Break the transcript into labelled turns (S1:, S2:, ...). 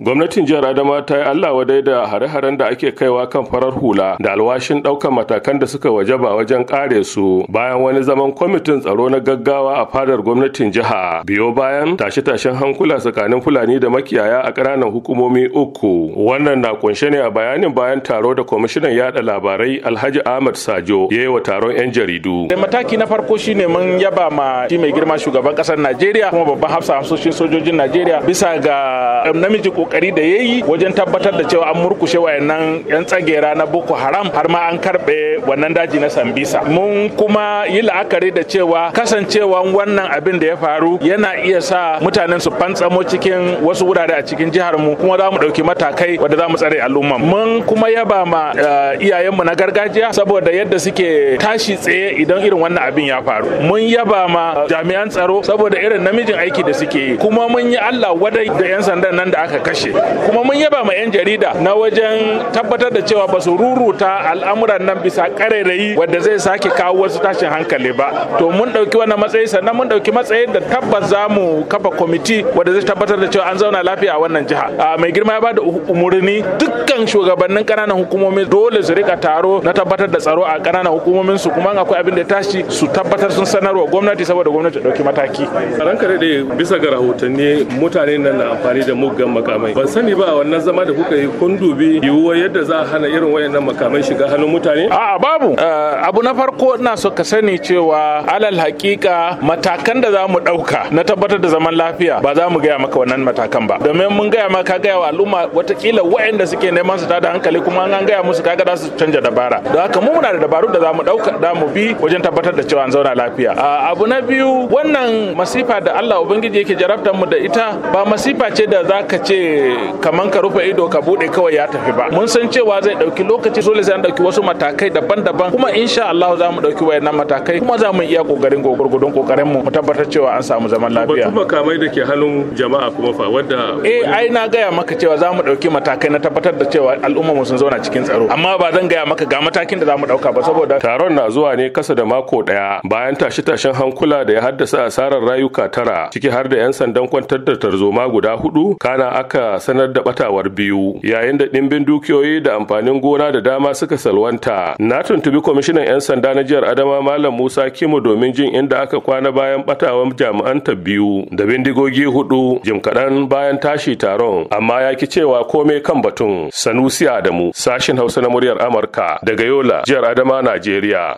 S1: Gwamnatin jihar Adama ta yi Allah wadai da hare-haren da ake kaiwa kan farar hula da alwashin ɗaukan matakan da suka wajaba wajen kare su bayan wani zaman kwamitin tsaro na gaggawa a fadar gwamnatin jiha biyo bayan tashe-tashen hankula tsakanin Fulani da makiyaya a ƙananan hukumomi uku. Wannan na kunshe ne a bayanin bayan taro da kwamishinan yada labarai Alhaji Ahmad Sajo ya yi wa taron 'yan jaridu. Eh, mataki na farko shine mun yaba ma shi mai girma shugaban ƙasar Najeriya kuma babban hafsa hafsoshin sojojin Najeriya bisa ga um, namiji kokari da ya yi wajen tabbatar da cewa an murkushe wayannan yan tsagera na Boko Haram har ma an karbe wannan daji na Sambisa mun kuma yi la'akari da cewa kasancewan wannan abin da ya faru yana iya sa mutanen su fantsamo cikin wasu wurare a cikin jihar mu kuma za mu dauki matakai wanda za mu tsare al'umma mun kuma yaba ma eh, iyayenmu na gargajiya saboda yadda suke tashi tsaye idan irin wannan abin ya faru mun yaba ma jami'an tsaro saboda irin namijin aiki da suke yi kuma mun yi Allah wadai da yan sandan nan da aka kashe harshe kuma mun yaba ma 'yan jarida na wajen tabbatar da cewa ba su ruruta al'amuran nan bisa karerayi wadda zai sake kawo wasu tashin hankali ba to mun ɗauki wannan matsayi sannan mun dauki matsayin da tabbas za mu kafa kwamiti wadda zai tabbatar da cewa an zauna lafiya a wannan jiha a mai girma ya bada umurni dukkan shugabannin kananan hukumomi dole su rika taro na tabbatar da tsaro a ƙananan hukumomin su kuma akwai abin da ya tashi su tabbatar sun sanarwa gwamnati saboda gwamnati dauki mataki ranka daɗe bisa ga rahotanni mutane nan na amfani da muggan makamai makamai ban sani ba a wannan zama da kuka yi kun dubi yiwuwa yadda za a hana irin wayannan makamai shiga hannun mutane a babu eh, abu na farko ina so ka sani cewa alal hakika matakan da za mu ɗauka na tabbatar da zaman lafiya ba za mu gaya maka wannan matakan ba domin mun gaya maka gaya wa al'umma watakila wayanda suke neman su tada hankali kuma an gaya musu kaga za su canja dabara don haka mu muna da dabaru da za mu ɗauka da mu bi wajen tabbatar da cewa an zauna lafiya ah, abu na biyu wannan masifa da Allah ubangiji yake jarabtar mu da ita ba masifa ce da zaka ce kaman ka rufe ido ka bude kawai ya tafi ba mun san cewa zai dauki lokaci dole sai an dauki wasu matakai daban-daban kuma insha Allah za mu dauki wayannan matakai kuma za mu iya kokarin gurgurdun kokarin mu tabbatar cewa an samu zaman lafiya batun makamai da ke jama'a kuma fa wadda eh ai na gaya maka cewa za mu dauki matakai na tabbatar da cewa al'umma mu sun zauna cikin tsaro amma ba zan gaya maka ga matakin da za mu dauka ba saboda taron na zuwa ne kasa da mako daya bayan tashe-tashen hankula da ya haddasa asarar rayuka tara ciki har da 'yan sandan kwantar da tarzoma guda hudu kana aka sanar da batawar biyu yayin da ɗimbin dukiyoyi da amfanin gona da dama suka salwanta na tuntubi kwamishinan 'yan sanda na jihar adama malam musa kimo domin jin inda aka kwana bayan batawan jami'an ta biyu da bindigogi hudu jim kaɗan bayan tashi taron amma ya ki cewa komai kan batun sanusi adamu sashin hausa na muryar amurka daga yola jihar adama najeriya